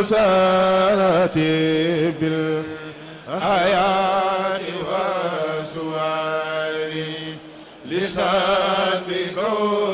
المسارات بالحياة وسواري لسان بقول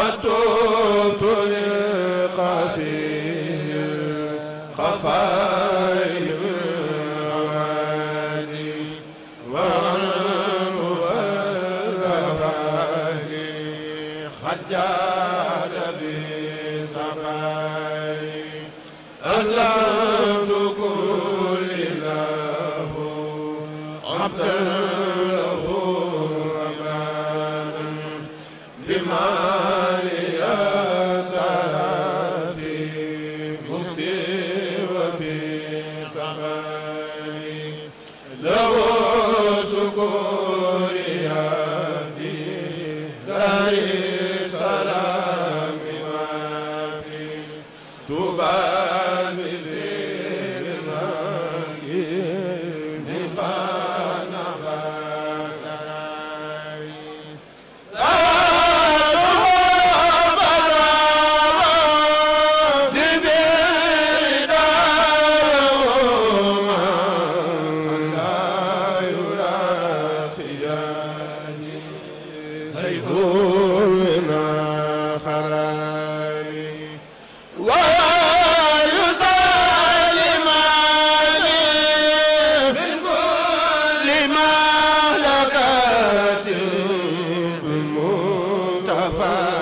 fatubtu lil ghafir fa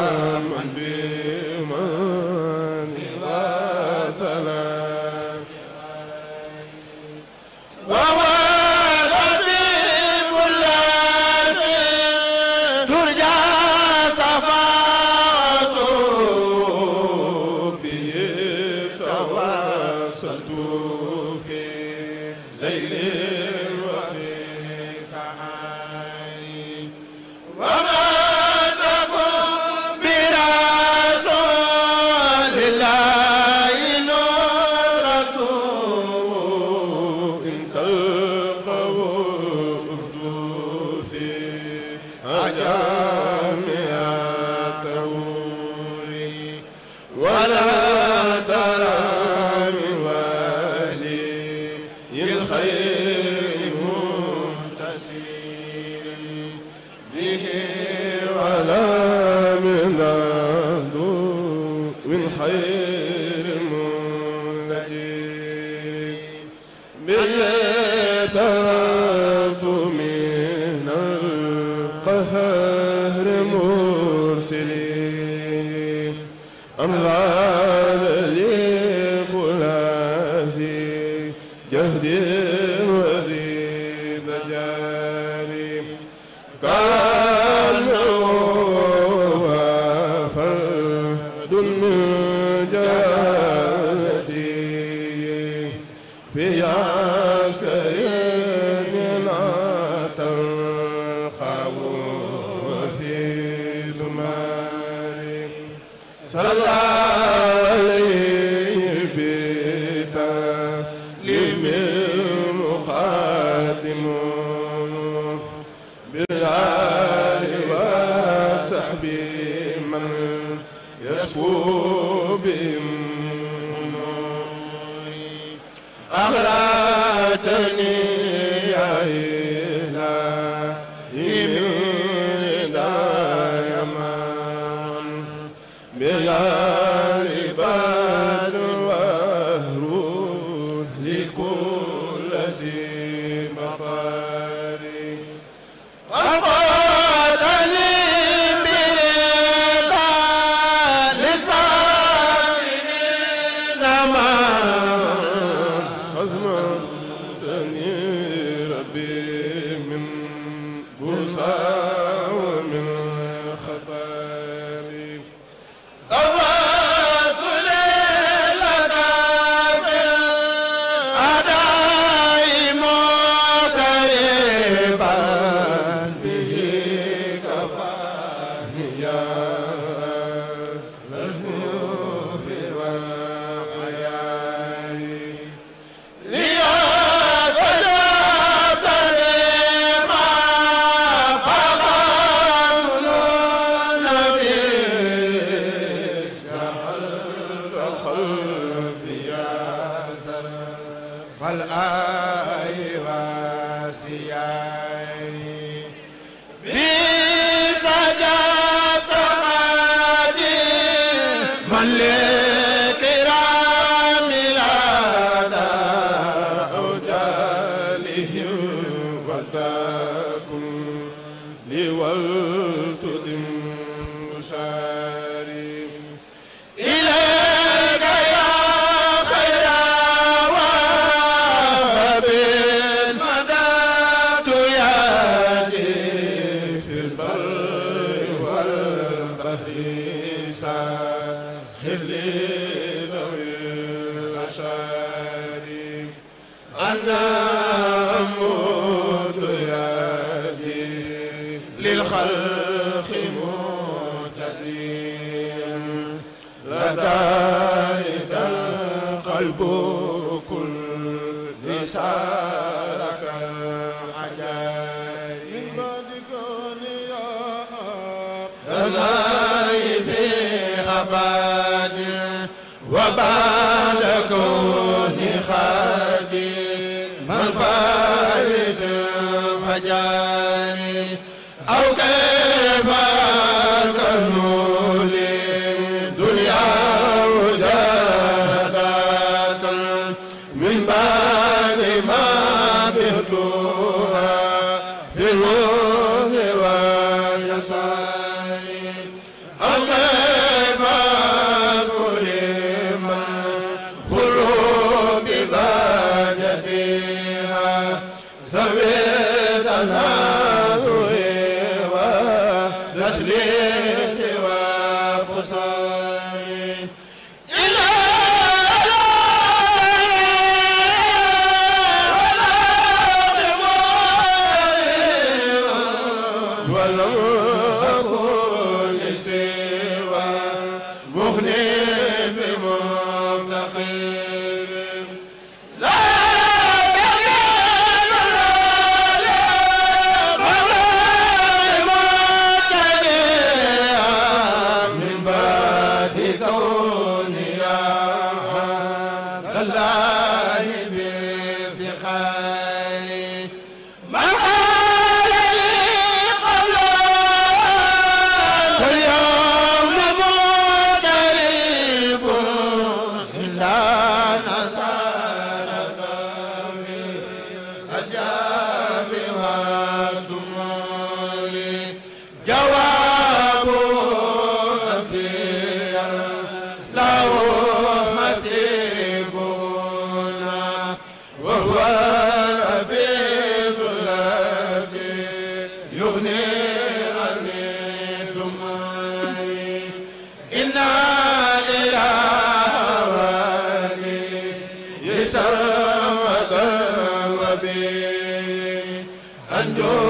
fal ay wasiya Allah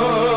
oh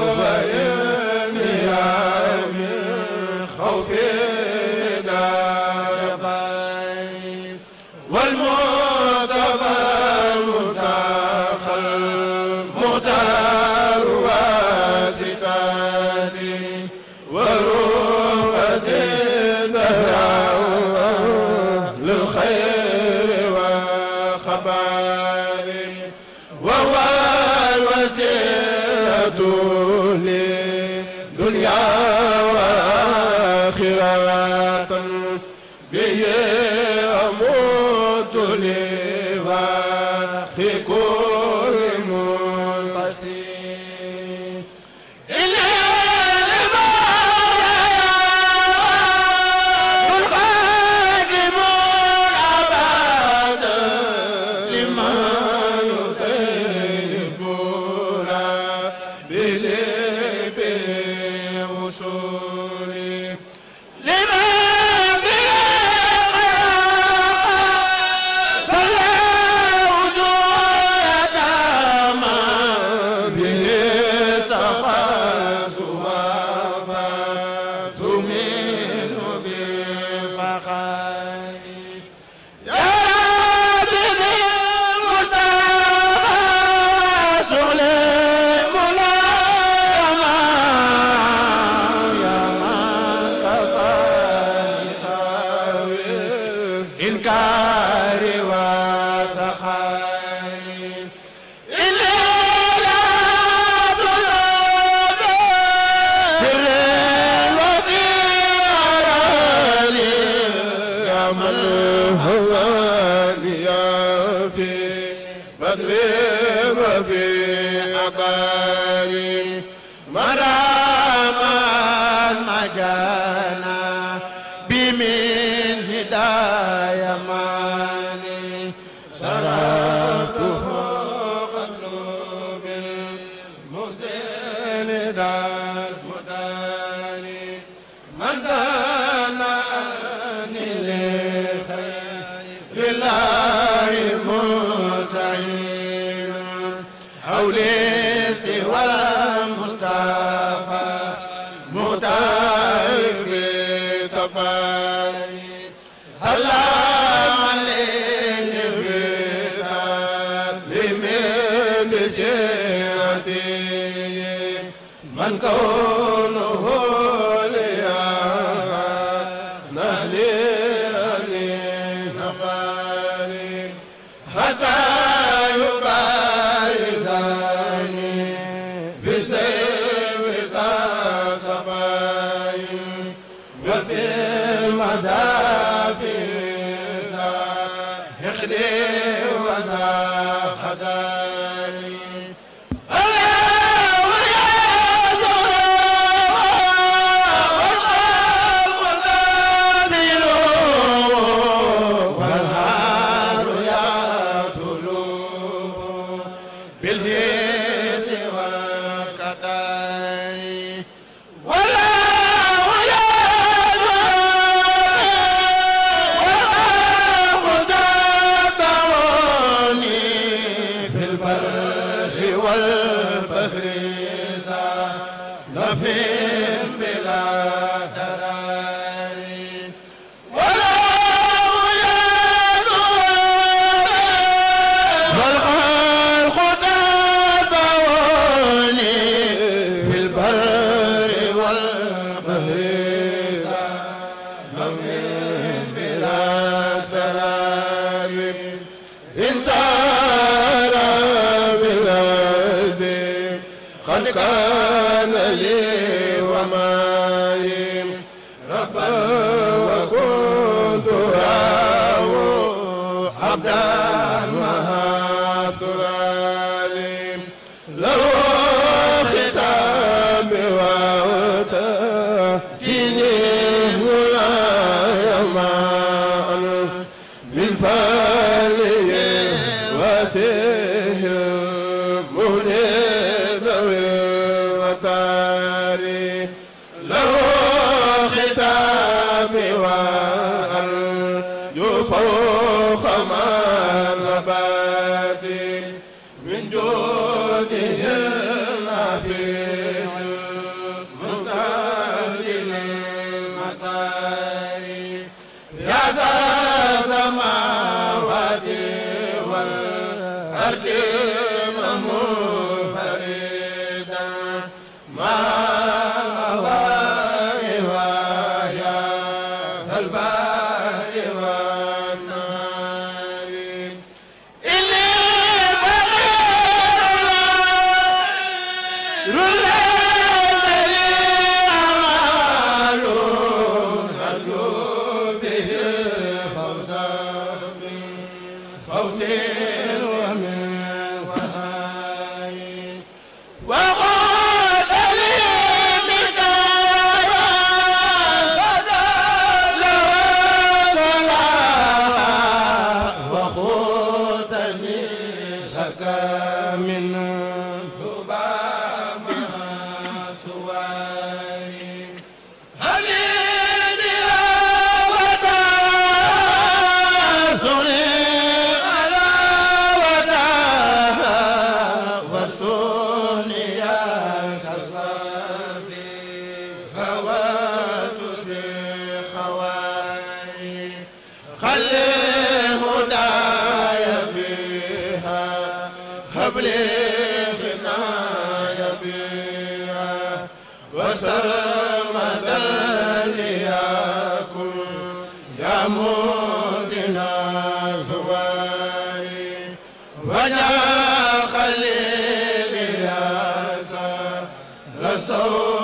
so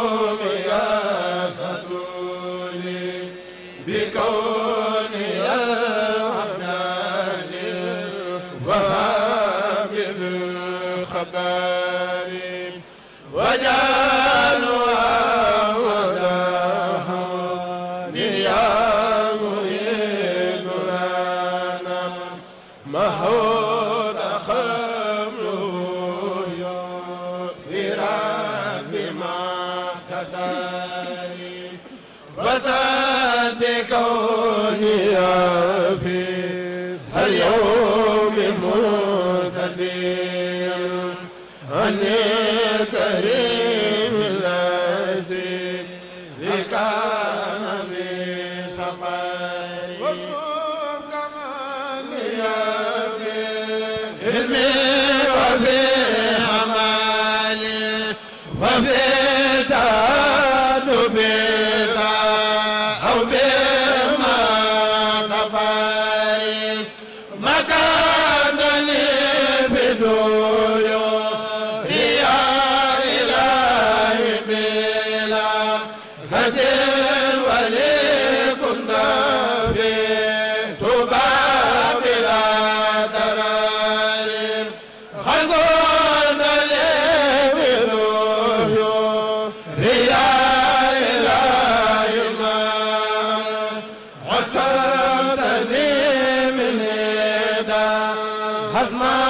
asma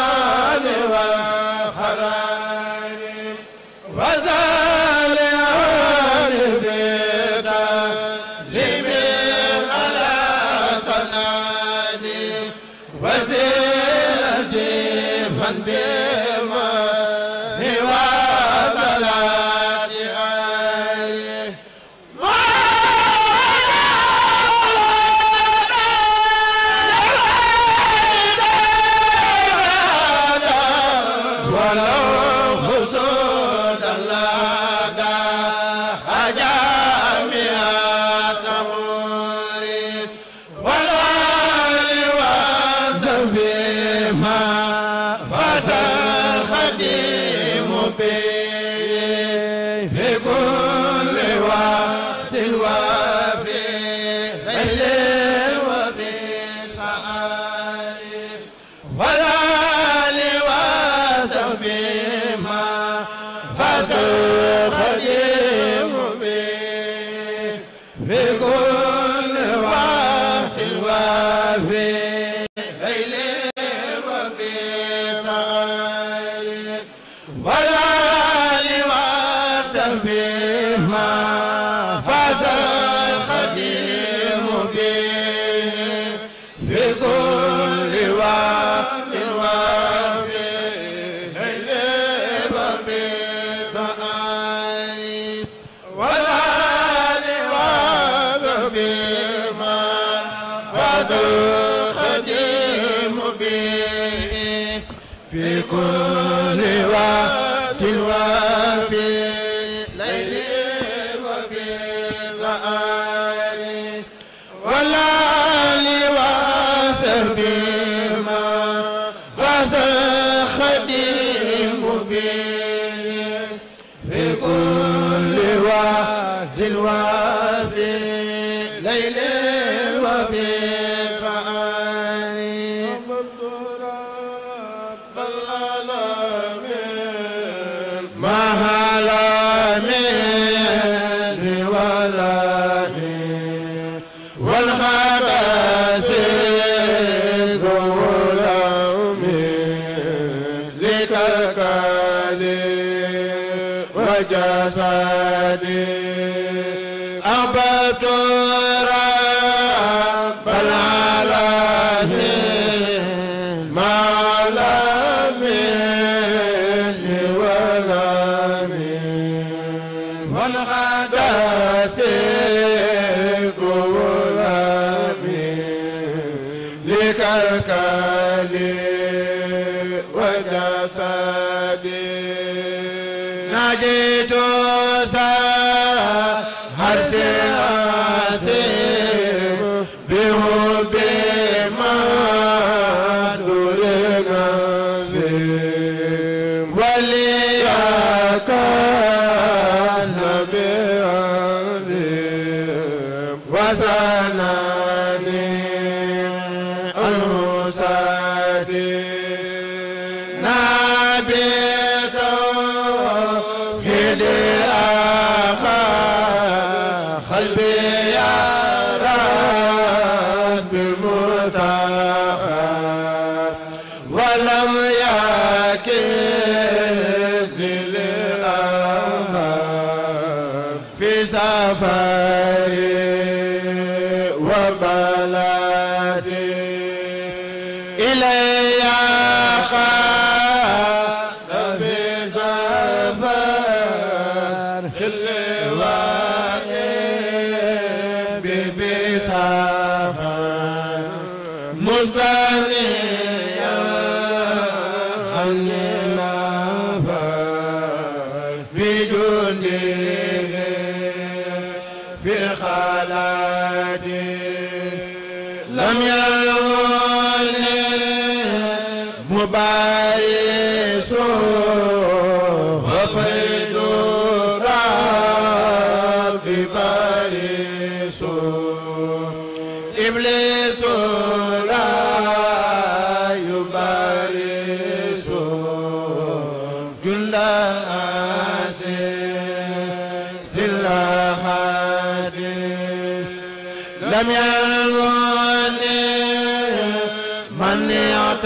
في كل وقت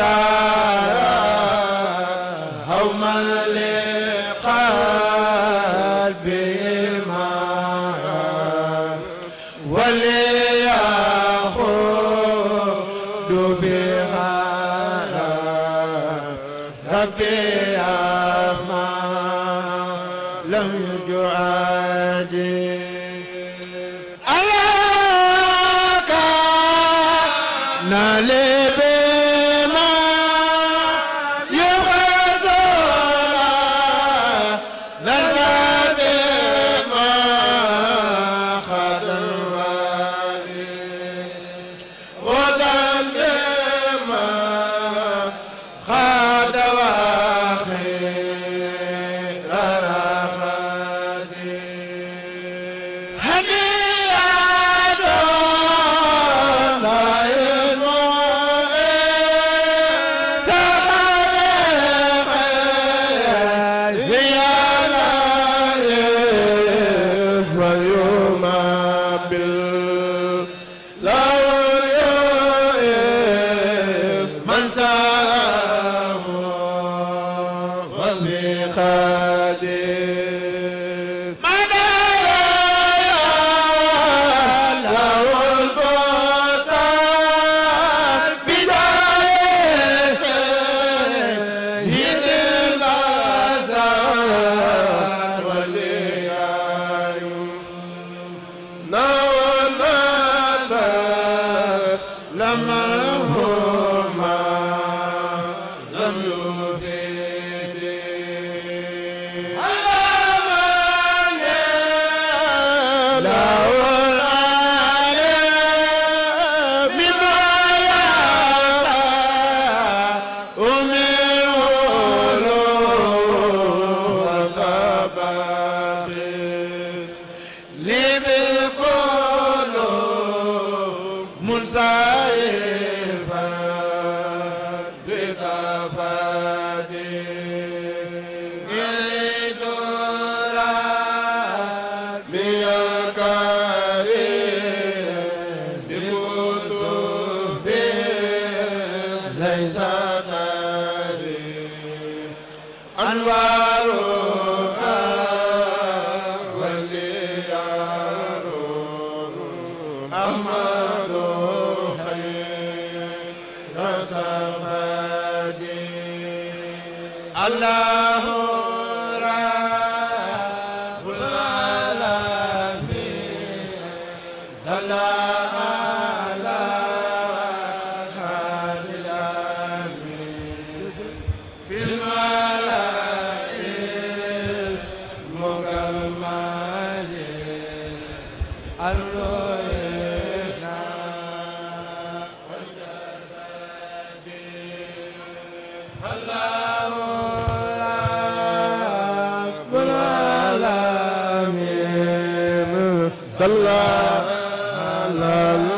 ta Muhammad صلى على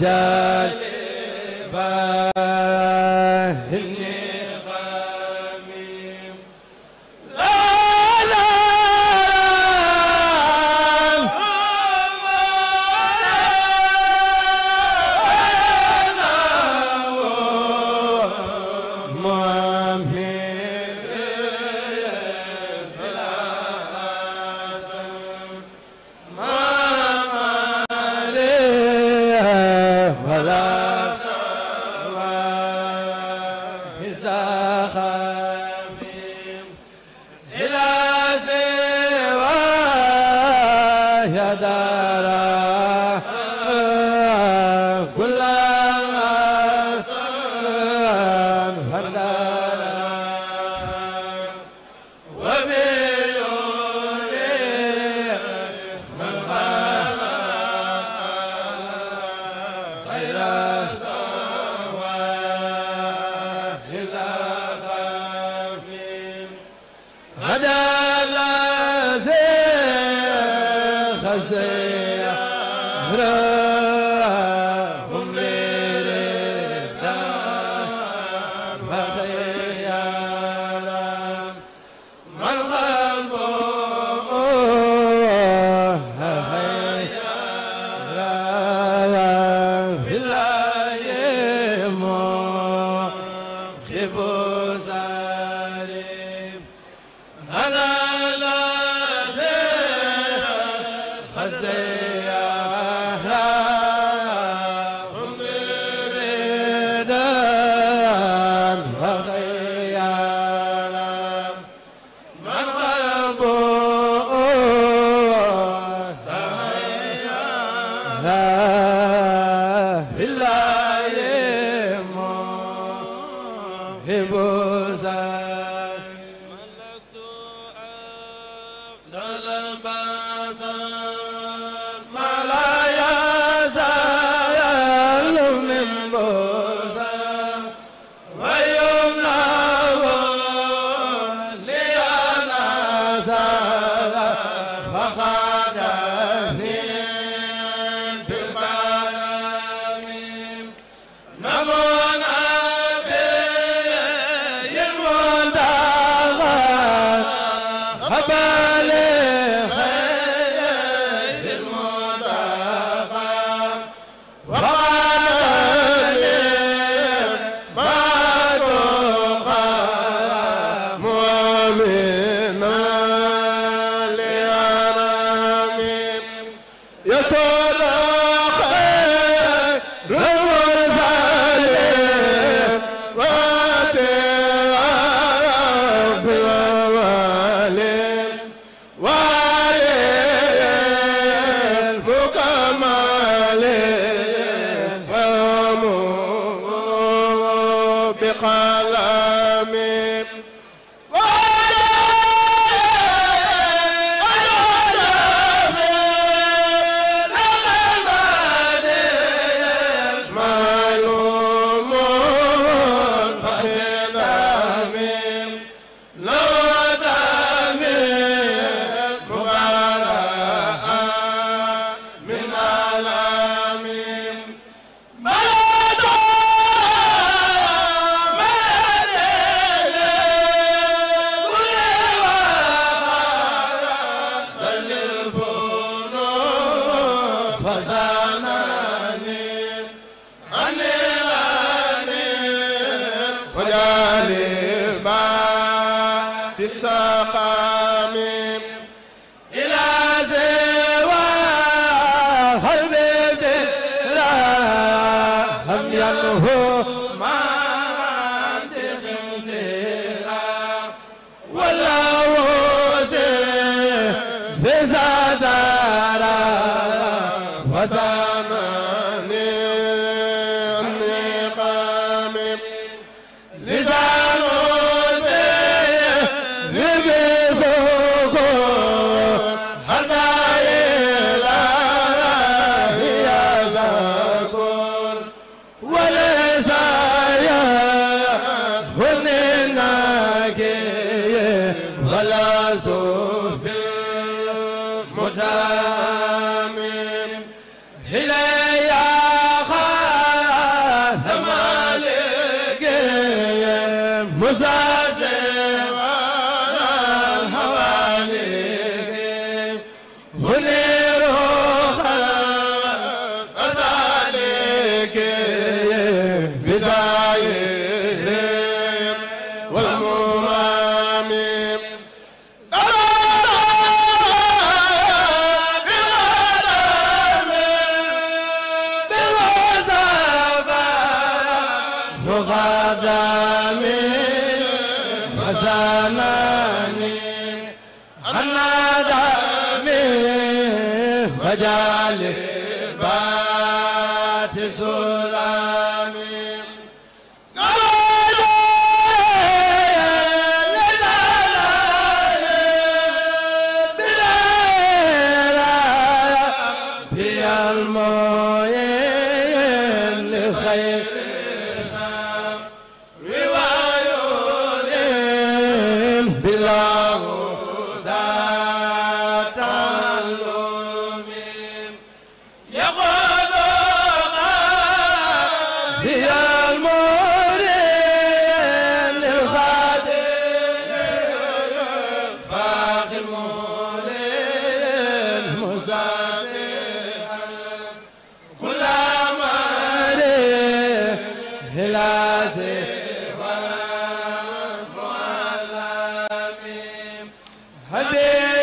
jal ba ala بقلم wasa be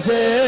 se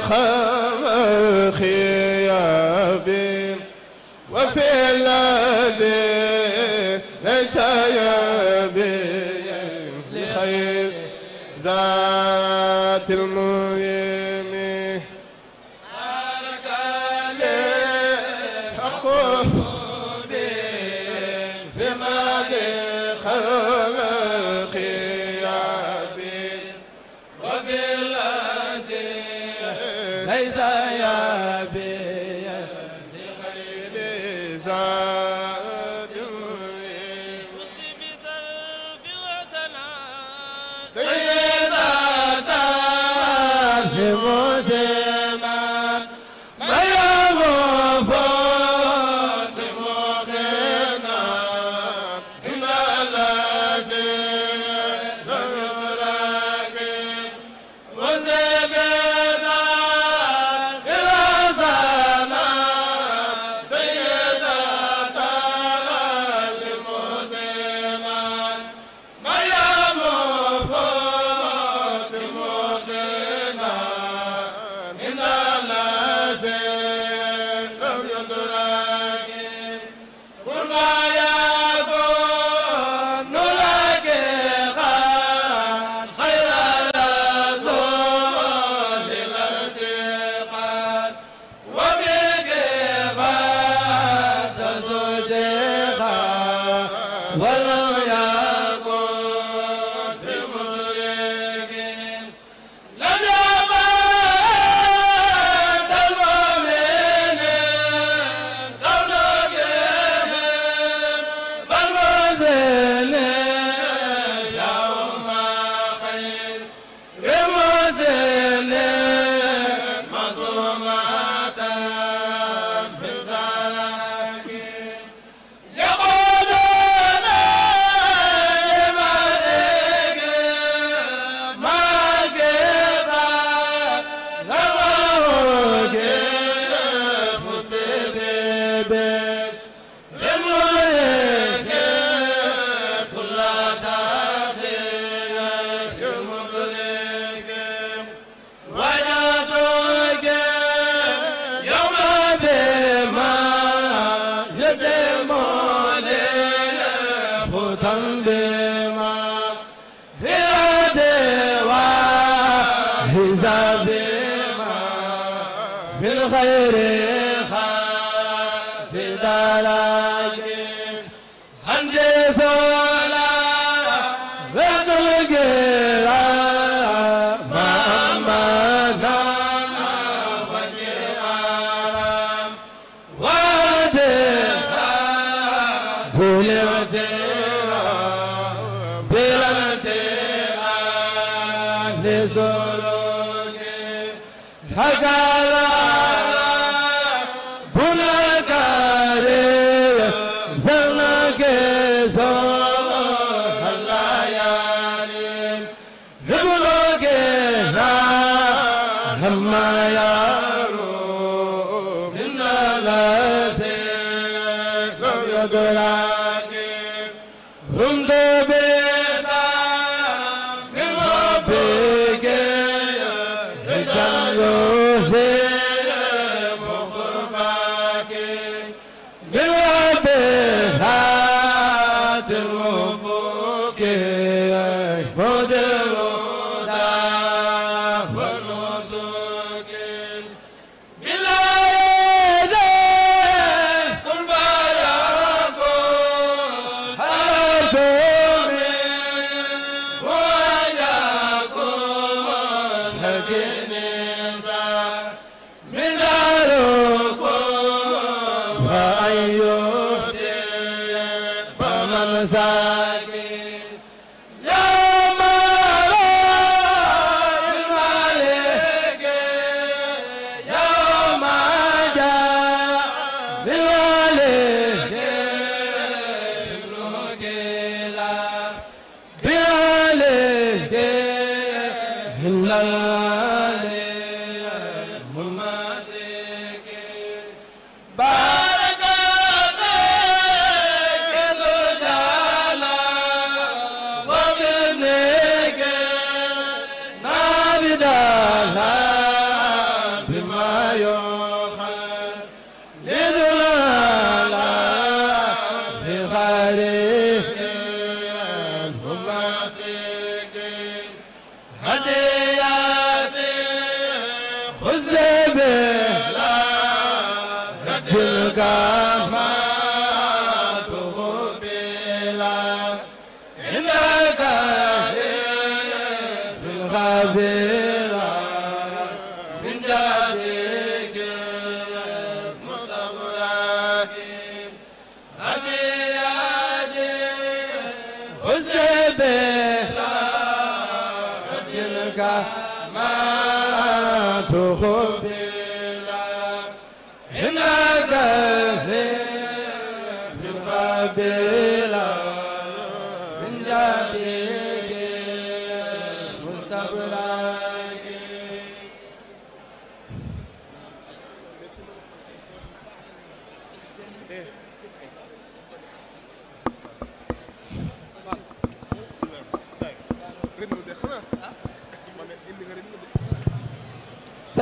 xaar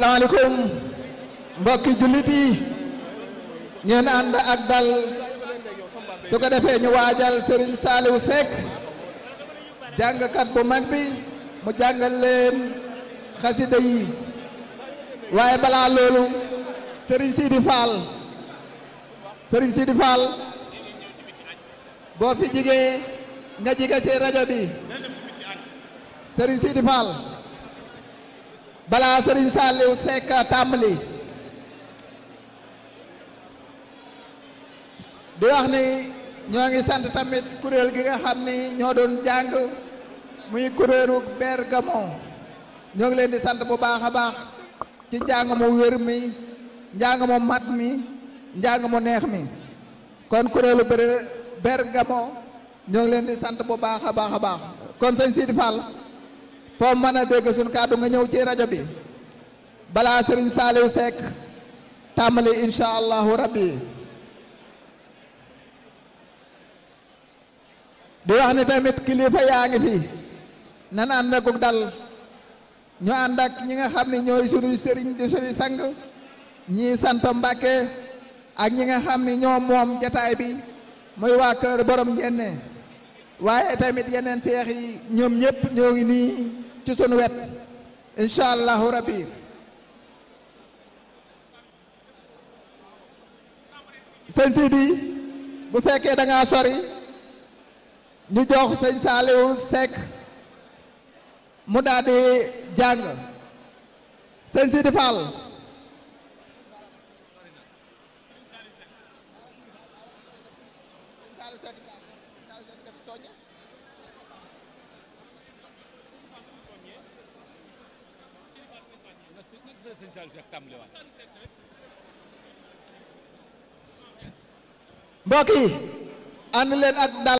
asalaamaaleykum mbokki jullit yi ngeen ànd ak dal su ko defee ñu waajal Serigne Saliou Seck jàngkat bu mag bi mu jàngal leen xasida yi waaye balaa loolu Serigne Sidi Fall Serigne boo fi jigee nga jige ci rajo bi Serigne Sidi Fall. balaa Serigne Saliou Seck tàmbali di wax ni ñoo ngi sant tamit kuréel gi nga xam ni ñoo doon jàng muy kuréelu Bergamo ñoo ngi leen di sant bu baax a baax ci njàng mu wér mi njàng mu mat mi njàng mu neex mi kon kuréelu Bergamo ñoo ngi leen di sant bu baax a baax a baax kon sëñ Sidi Fall foo mën a dégg suñu kàddu nga ñëw ci rajo bi balaa sëriñ Saliou Seck tàmbali incha allahu rabbi di wax ni tamit kilifa yaa ngi fi nan ànd ak ñi nga xam ne ñooy suñuy sëriñ di suñuy sang ñii sant Mbàkke ak ñi nga xam ne ñoo moom jataay bi muy waa kër borom njenne waaye tamit yeneen seex yi ñoom ñëpp ñoo ngi nii ci sunu wet incha allahu rabbi sëñ Sidi bu fekkee da ngaa sori ñu jox sëñ Saliou Seck mu daal di jàng sëñ Sidi Fall. mbokk yi ànd leen ak dal